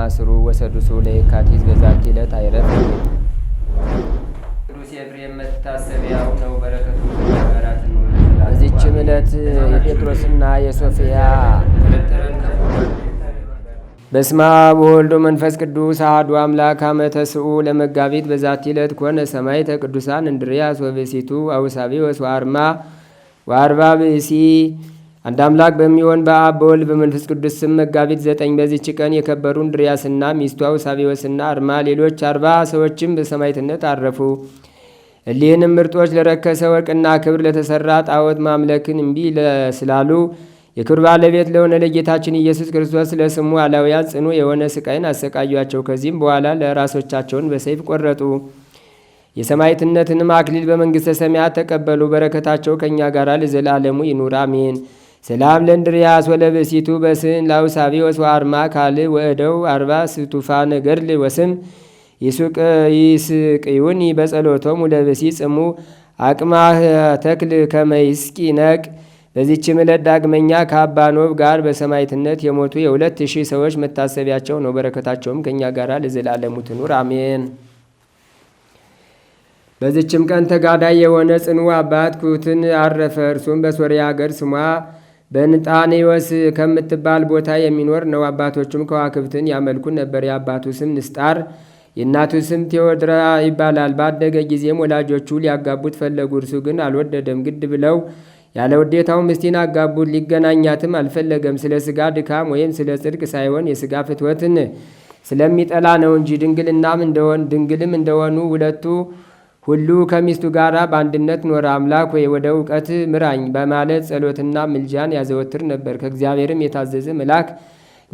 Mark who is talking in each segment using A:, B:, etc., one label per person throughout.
A: ማስሩ ወሰዱሱ ለየካቲት በዛቲ ዕለት አይረፍ። ቅዱስ ኤፍሬም መታሰቢያው ነው። በረከቱ ነው። በዚችም ዕለት የጴጥሮስና የሶፊያ በስማ በወልዶ መንፈስ ቅዱስ አሐዱ አምላክ አመ ተስዑ ለመጋቢት በዛቲ ዕለት ኮነ ሰማዕተ ቅዱሳን እንድርያስ ወብእሲቱ አውሳቢ ወአርባ ብእሲ አንድ አምላክ በሚሆን በአብ በወልድ በመንፈስ ቅዱስ ስም መጋቢት ዘጠኝ በዚች ቀን የከበሩ እንድርያስና ሚስቷ ሳቢወስና አርማ ሌሎች አርባ ሰዎችም በሰማይትነት አረፉ። እሊህንም ምርጦች ለረከሰ ወርቅና ክብር ለተሰራ ጣዖት ማምለክን እምቢ ስላሉ የክብር ባለቤት ለሆነ ለጌታችን ኢየሱስ ክርስቶስ ለስሙ አላውያን ጽኑ የሆነ ስቃይን አሰቃያቸው። ከዚህም በኋላ ለራሶቻቸውን በሰይፍ ቆረጡ። የሰማይትነትንም አክሊል በመንግሥተ ሰማያት ተቀበሉ። በረከታቸው ከእኛ ጋር ለዘላለሙ ይኑር አሜን። ሰላም ለእንድርያስ ወለብእሲቱ በስን ላውሳቢዎስ ወአርማ ካል ወእደው አርባ ስቱፋ ነገድል ወስም ይስቅዩኒ በጸሎቶም ለብሲ ጽሙ አቅማ ተክል ከመይስቂ ነቅ። በዚችም ምለት ዳግመኛ ከአባኖብ ጋር በሰማይትነት የሞቱ የሁለት ሺህ ሰዎች መታሰቢያቸው ነው። በረከታቸውም ከእኛ ጋር ለዘላለሙ ትኑር አሜን። በዚችም ቀን ተጋዳይ የሆነ ጽኑ አባት ኩትን አረፈ። እርሱም በሶሪያ ሀገር ስሟ በንጣኔወስ ከምትባል ቦታ የሚኖር ነው። አባቶቹም ከዋክብትን ያመልኩ ነበር። የአባቱ ስም ንስጣር የእናቱ ስም ቴዎድራ ይባላል። ባደገ ጊዜም ወላጆቹ ሊያጋቡት ፈለጉ። እርሱ ግን አልወደደም። ግድ ብለው ያለ ውዴታው ምስቲን አጋቡት። ሊገናኛትም አልፈለገም። ስለ ስጋ ድካም ወይም ስለ ጽድቅ ሳይሆን የስጋ ፍትወትን ስለሚጠላ ነው እንጂ ድንግልናም እንደሆን ድንግልም እንደሆኑ ሁለቱ ሁሉ ከሚስቱ ጋር በአንድነት ኖረ። አምላክ ወይ ወደ እውቀት ምራኝ በማለት ጸሎትና ምልጃን ያዘወትር ነበር። ከእግዚአብሔርም የታዘዘ መልአክ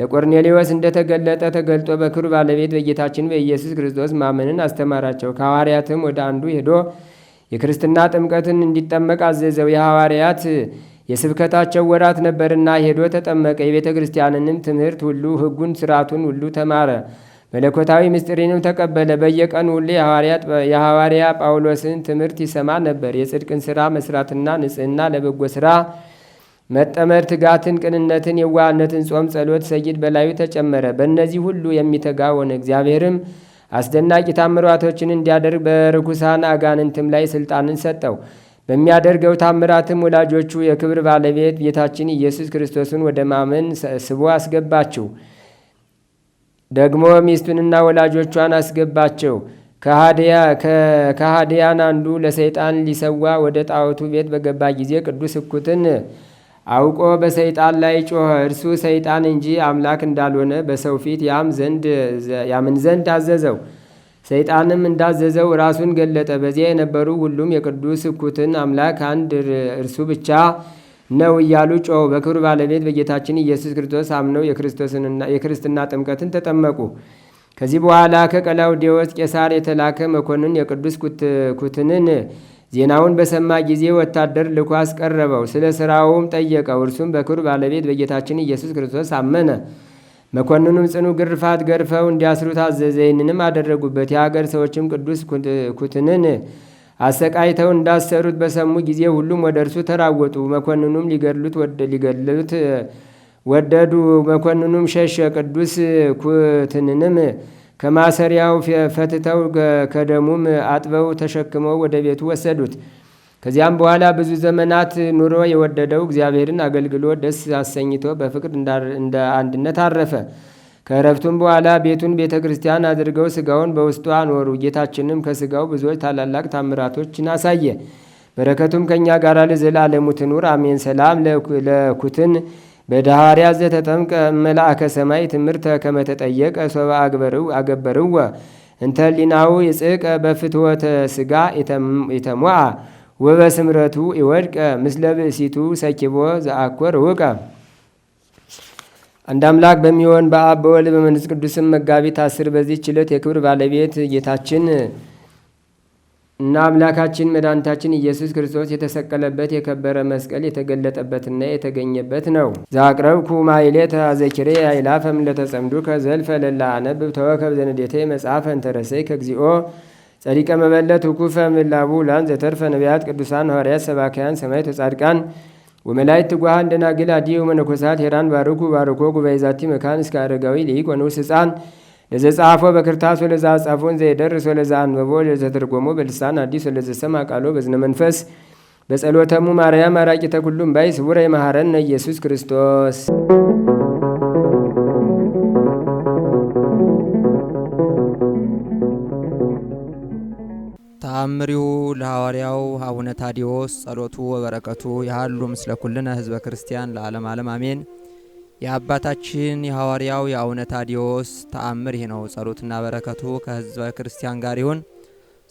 A: ለቆርኔሌዎስ እንደተገለጠ ተገልጦ በክብሩ ባለቤት በጌታችን በኢየሱስ ክርስቶስ ማመንን አስተማራቸው። ከሐዋርያትም ወደ አንዱ ሄዶ የክርስትና ጥምቀትን እንዲጠመቅ አዘዘው። የሐዋርያት የስብከታቸው ወራት ነበርና ሄዶ ተጠመቀ። የቤተ ክርስቲያንንም ትምህርት ሁሉ፣ ሕጉን፣ ስርዓቱን ሁሉ ተማረ። መለኮታዊ ምስጢሪንም ተቀበለ። በየቀኑ ሁሌ የሐዋርያ ጳውሎስን ትምህርት ይሰማ ነበር። የጽድቅን ሥራ መስራትና ንጽህና፣ ለበጎ ሥራ መጠመር፣ ትጋትን፣ ቅንነትን፣ የዋህነትን፣ ጾም፣ ጸሎት፣ ሰይድ በላዩ ተጨመረ። በእነዚህ ሁሉ የሚተጋ ሆነ። እግዚአብሔርም አስደናቂ ታምራቶችን እንዲያደርግ በርኩሳን አጋንንትም ላይ ስልጣንን ሰጠው። በሚያደርገው ታምራትም ወላጆቹ የክብር ባለቤት ጌታችን ኢየሱስ ክርስቶስን ወደ ማመን ስቦ አስገባችው። ደግሞ ሚስቱንና ወላጆቿን አስገባቸው። ከሃዲያን አንዱ ለሰይጣን ሊሰዋ ወደ ጣዖቱ ቤት በገባ ጊዜ ቅዱስ እኩትን አውቆ በሰይጣን ላይ ጮኸ። እርሱ ሰይጣን እንጂ አምላክ እንዳልሆነ በሰው ፊት ያምን ዘንድ አዘዘው። ሰይጣንም እንዳዘዘው ራሱን ገለጠ። በዚያ የነበሩ ሁሉም የቅዱስ እኩትን አምላክ አንድ እርሱ ብቻ ነው እያሉ ጮ! በክብር ባለቤት በጌታችን ኢየሱስ ክርስቶስ አምነው የክርስትና ጥምቀትን ተጠመቁ። ከዚህ በኋላ ከቀላውዴዎስ ቄሳር የተላከ መኮንን የቅዱስ ኩትንን ዜናውን በሰማ ጊዜ ወታደር ልኮ አስቀረበው። ስለ ስራውም ጠየቀው። እርሱም በክብር ባለቤት በጌታችን ኢየሱስ ክርስቶስ አመነ። መኮንኑም ጽኑ ግርፋት ገርፈው እንዲያስሩት አዘዘ። ይህንንም አደረጉበት። የሀገር ሰዎችም ቅዱስ ኩትንን አሰቃይተው እንዳሰሩት በሰሙ ጊዜ ሁሉም ወደ እርሱ ተራወጡ። መኮንኑም ሊገድሉት ሊገድሉት ወደዱ። መኮንኑም ሸሸ። ቅዱስ ኩትንንም ከማሰሪያው ፈትተው ከደሙም አጥበው ተሸክመው ወደ ቤቱ ወሰዱት። ከዚያም በኋላ ብዙ ዘመናት ኑሮ የወደደው እግዚአብሔርን አገልግሎ ደስ አሰኝቶ በፍቅር እንደ አንድነት አረፈ። ከእረፍቱም በኋላ ቤቱን ቤተ ክርስቲያን አድርገው ስጋውን በውስጡ አኖሩ። ጌታችንም ከስጋው ብዙዎች ታላላቅ ታምራቶችን አሳየ። በረከቱም ከእኛ ጋር ለዘላለሙ ትኑር አሜን። ሰላም ለኩትን በዳህርያ ዘተጠምቀ መልአከ ሰማይ ትምህርተ ከመተጠየቀ ሶበ አገበርወ እንተ ሊናው ይጽቀ በፍትወተ ስጋ የተሟአ ወበስምረቱ ይወድቀ ምስለ ብእሲቱ ሰኪቦ ዘአኮር ውቀ አንድ አምላክ በሚሆን በአብ በወልድ በመንፈስ ቅዱስም መጋቢት አስር በዚህ ችለት የክብር ባለቤት ጌታችን እና አምላካችን መድኃኒታችን ኢየሱስ ክርስቶስ የተሰቀለበት የከበረ መስቀል የተገለጠበትና የተገኘበት ነው። ዛቅረብኩ ማይሌተ አዘኪሬ አይላፈም ለተጸምዱ ከዘልፈ ለላ አነብብ ተወከብ ዘንዴቴ መጽሐፈ እንተረሰይ ከግዚኦ ጸሪቀ መበለት ውኩፈ ምላቡ ላን ዘተርፈ ነቢያት ቅዱሳን ሐዋርያት ሰባካያን ሰማይ ተጻድቃን ወመላይት ትጓሃን ደናግል አዲሁ መነኮሳት ሄራን ባርኩ ባርኮ ጉባኤ ዛቲ መካን እስከ አረጋዊ ሊቅ ወንዑስ ሕፃን ለዘጻፎ በክርታስ ወለዛ ጻፎን ዘይደርስ ወለዛ አንበቦ ለዘተርጎሞ በልሳን አዲስ ወለዘሰማ ቃሎ በዝነ መንፈስ በጸሎተሙ ማርያም አራቂተ ኩሉም ባይ ስቡረ የመሐረነ ኢየሱስ ክርስቶስ ዘዘምሪሁ ለሐዋርያው አቡነ ታዲዎስ ጸሎቱ ወበረከቱ ያሉ ምስለ ኩልነ ህዝበ ክርስቲያን ለዓለም ዓለም አሜን። የአባታችን የሐዋርያው የአቡነ ታዲዎስ ተአምር ይህ ነው። ጸሎትና በረከቱ ከህዝበ ክርስቲያን ጋር ይሁን።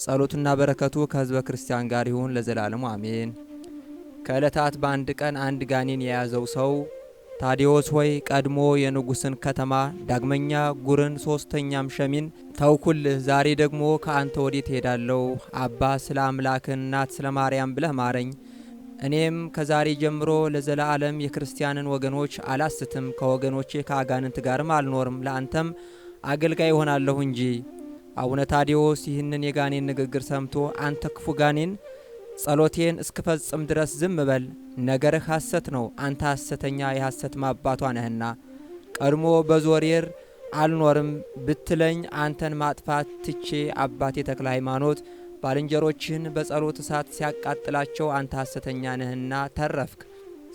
A: ጸሎትና በረከቱ ከህዝበ ክርስቲያን ጋር ይሁን ለዘላለሙ አሜን። ከዕለታት በአንድ ቀን አንድ ጋኔን የያዘው ሰው ታዲዎስ ሆይ ቀድሞ የንጉሥን ከተማ ዳግመኛ ጉርን ሶስተኛም ሸሚን ተውኩልህ። ዛሬ ደግሞ ከአንተ ወዴት እሄዳለሁ? አባ ስለ አምላክ እናት ስለ ማርያም ብለህ ማረኝ። እኔም ከዛሬ ጀምሮ ለዘላለም የክርስቲያንን ወገኖች አላስትም፣ ከወገኖቼ ከአጋንንት ጋርም አልኖርም፣ ለአንተም አገልጋይ ይሆናለሁ እንጂ። አቡነ ታዲዎስ ይህንን የጋኔን ንግግር ሰምቶ አንተ ክፉ ጋኔን ጸሎቴን እስክፈጽም ድረስ ዝም በል። ነገርህ ሐሰት ነው፣ አንተ ሐሰተኛ የሐሰት ማባቷ ነህና። ቀድሞ በዞሬር አልኖርም ብትለኝ አንተን ማጥፋት ትቼ አባቴ ተክለ ሃይማኖት ባልንጀሮችህን በጸሎት እሳት ሲያቃጥላቸው አንተ ሐሰተኛ ነህና ተረፍክ።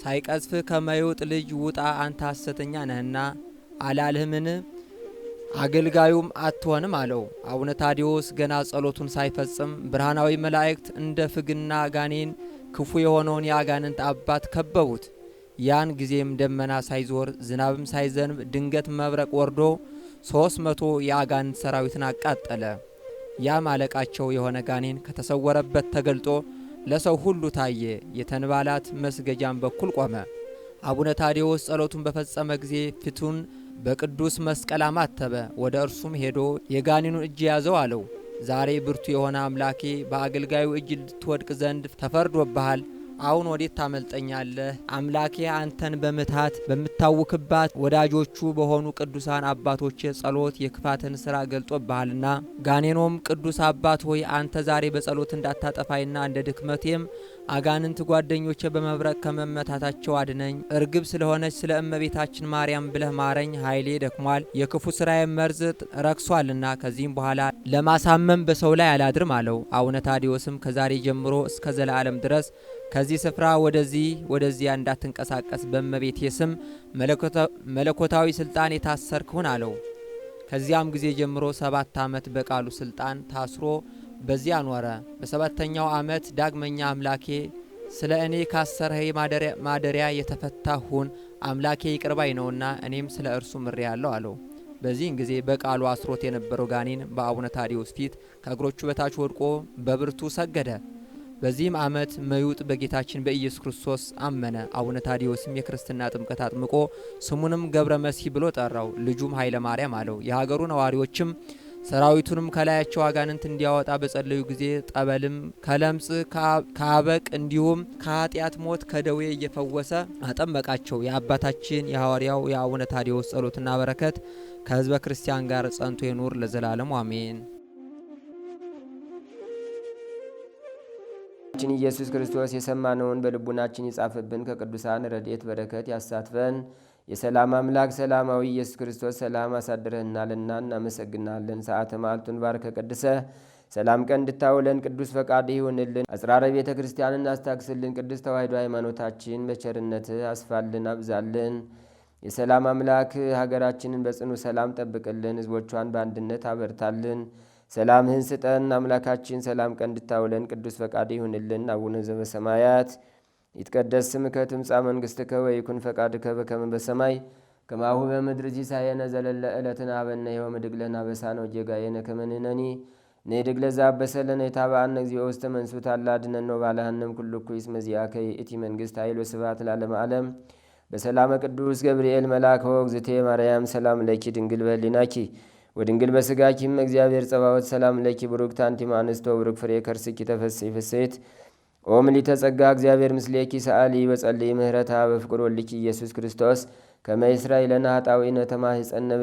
A: ሳይቀዝፍ ከመይውጥ ልጅ ውጣ አንተ ሐሰተኛ ነህና አላልህምን? አገልጋዩም አትሆንም አለው። አቡነ ታዲዎስ ገና ጸሎቱን ሳይፈጽም ብርሃናዊ መላእክት እንደ ፍግና ጋኔን ክፉ የሆነውን የአጋንንት አባት ከበቡት። ያን ጊዜም ደመና ሳይዞር ዝናብም ሳይዘንብ ድንገት መብረቅ ወርዶ ሶስት መቶ የአጋንንት ሰራዊትን አቃጠለ። ያም አለቃቸው የሆነ ጋኔን ከተሰወረበት ተገልጦ ለሰው ሁሉ ታየ። የተንባላት መስገጃም በኩል ቆመ። አቡነ ታዲዎስ ጸሎቱን በፈጸመ ጊዜ ፊቱን በቅዱስ መስቀል አማተበ። ወደ እርሱም ሄዶ የጋኔኑን እጅ ያዘው አለው። ዛሬ ብርቱ የሆነ አምላኬ በአገልጋዩ እጅ ልትወድቅ ዘንድ ተፈርዶብሃል። አሁን ወዴት ታመልጠኛለህ? አምላኬ አንተን በምትሃት በምታውክባት ወዳጆቹ በሆኑ ቅዱሳን አባቶች ጸሎት የክፋትን ስራ ገልጦብሃልና። ጋኔኖም ቅዱስ አባት ሆይ አንተ ዛሬ በጸሎት እንዳታጠፋይና እንደ ድክመቴም አጋንንት ጓደኞቼ በመብረቅ ከመመታታቸው አድነኝ። እርግብ ስለሆነች ስለ እመቤታችን ማርያም ብለህ ማረኝ። ኃይሌ ደክሟል፣ የክፉ ስራዬ መርዝ ረክሷልና ከዚህም በኋላ ለማሳመም በሰው ላይ አላድርም አለው። አቡነ ታዲዎስም ከዛሬ ጀምሮ እስከ ዘላለም ድረስ ከዚህ ስፍራ ወደዚህ ወደዚያ እንዳትንቀሳቀስ በእመቤቴ ስም መለኮታዊ ስልጣን የታሰርክሁን አለው። ከዚያም ጊዜ ጀምሮ ሰባት ዓመት በቃሉ ስልጣን ታስሮ በዚህ ኖረ። በሰባተኛው ዓመት ዳግመኛ አምላኬ ስለ እኔ ካሰርህ ማደሪያ የተፈታሁን አምላኬ ይቅርባይ ነውና እኔም ስለ እርሱ ምሬ ያለው አለው። በዚህን ጊዜ በቃሉ አስሮት የነበረው ጋኔን በአቡነ ታዲዎስ ፊት ከእግሮቹ በታች ወድቆ በብርቱ ሰገደ። በዚህም ዓመት መዩጥ በጌታችን በኢየሱስ ክርስቶስ አመነ። አቡነ ታዲዎስም የክርስትና ጥምቀት አጥምቆ ስሙንም ገብረ መሲህ ብሎ ጠራው። ልጁም ኃይለ ማርያም አለው። የሀገሩ ነዋሪዎችም ሰራዊቱንም ከላያቸው አጋንንት እንዲያወጣ በጸለዩ ጊዜ ጠበልም ከለምጽ ከአበቅ እንዲሁም ከኃጢአት ሞት ከደዌ እየፈወሰ አጠመቃቸው። የአባታችን የሐዋርያው የአቡነ ታዲዎስ ጸሎትና በረከት ከህዝበ ክርስቲያን ጋር ጸንቶ ይኑር ለዘላለሙ አሜን። ችን ኢየሱስ ክርስቶስ የሰማነውን በልቡናችን ይጻፍብን፣ ከቅዱሳን ረድኤት በረከት ያሳትፈን የሰላም አምላክ ሰላማዊ ኢየሱስ ክርስቶስ ሰላም አሳድረህናልና እናመሰግናለን። ሰዓተ ማልቱን ባርከ ቀድሰ ሰላም ቀን እንድታውለን ቅዱስ ፈቃድ ይሁንልን። አጽራረ ቤተ ክርስቲያን እናስታክስልን። ቅዱስ ተዋሕዶ ሃይማኖታችን በቸርነት አስፋልን፣ አብዛልን። የሰላም አምላክ ሀገራችንን በጽኑ ሰላም ጠብቅልን፣ ህዝቦቿን በአንድነት አበርታልን። ሰላምህን ስጠን አምላካችን። ሰላም ቀን እንድታውለን ቅዱስ ፈቃድ ይሁንልን። አቡነ ዘበሰማያት ይትቀደስ ስምከ ትምጻእ መንግሥትከ ወይኩን ፈቃድከ በከመ በሰማይ ከማሁ በምድር ሲሳየነ ዘለለ ዕለትነ ሀበነ ዮም ወኅድግ ለነ አበሳነ ወጌጋየነ ከመ ንሕነኒ ንኅድግ ለዘአበሰለነ የታብአነ እግዚኦ ውስተ መንሱት አላ አድኅነነ ወባልሐነም ኩሉ እኩይ እስመ ዚአከ ይእቲ መንግሥት ኃይል ወስብሐት ለዓለመ ዓለም በሰላመ ቅዱስ ገብርኤል መልአክ ወእግዝእቴ ማርያም ሰላም ለኪ ድንግል በኅሊናኪ ወድንግል በስጋኪም እግዚአብሔር ጸባወት ሰላም ለኪ ቡሩክት አንቲ እምአንስቶ ቡሩክ ፍሬ ከርስኪ ተፈሥሒ ፍሥሕት ኦም ሊተጸጋ እግዚአብሔር ምስሌኪ ሰዓሊ በጸልይ ምህረታ በፍቅር ወልኪ ኢየሱስ ክርስቶስ ከመ ነተማ ኃጣዊነ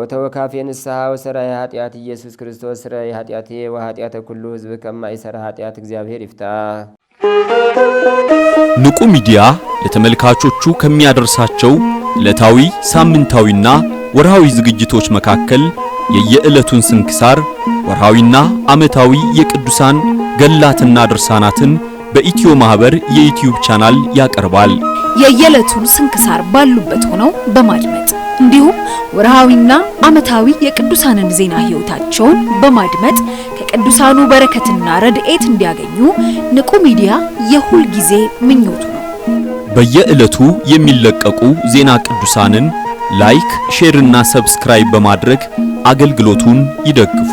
A: ኦተወ ካፌ ንስሓ ወሰራይ ኃጢአት ኢየሱስ ክርስቶስ ስራይ ኃጢአቴ ወኃጢአተ ኩሉ ህዝብ ይሰራ ኃጢአት እግዚአብሔር ይፍታ።
B: ንቁ ሚዲያ ለተመልካቾቹ ከሚያደርሳቸው ዕለታዊ ሳምንታዊና ወርሃዊ ዝግጅቶች መካከል የየዕለቱን ስንክሳር ወርሃዊና ዓመታዊ የቅዱሳን ገላትና ድርሳናትን በኢትዮ ማህበር የዩቲዩብ ቻናል ያቀርባል። የየዕለቱን ስንክሳር ባሉበት ሆነው በማድመጥ እንዲሁም ወርሃዊና ዓመታዊ የቅዱሳንን ዜና ህይወታቸውን በማድመጥ ከቅዱሳኑ በረከትና ረድኤት እንዲያገኙ ንቁ ሚዲያ የሁል ጊዜ ምኞቱ ነው። በየዕለቱ የሚለቀቁ ዜና ቅዱሳንን ላይክ፣ ሼርና ሰብስክራይብ በማድረግ አገልግሎቱን ይደግፉ።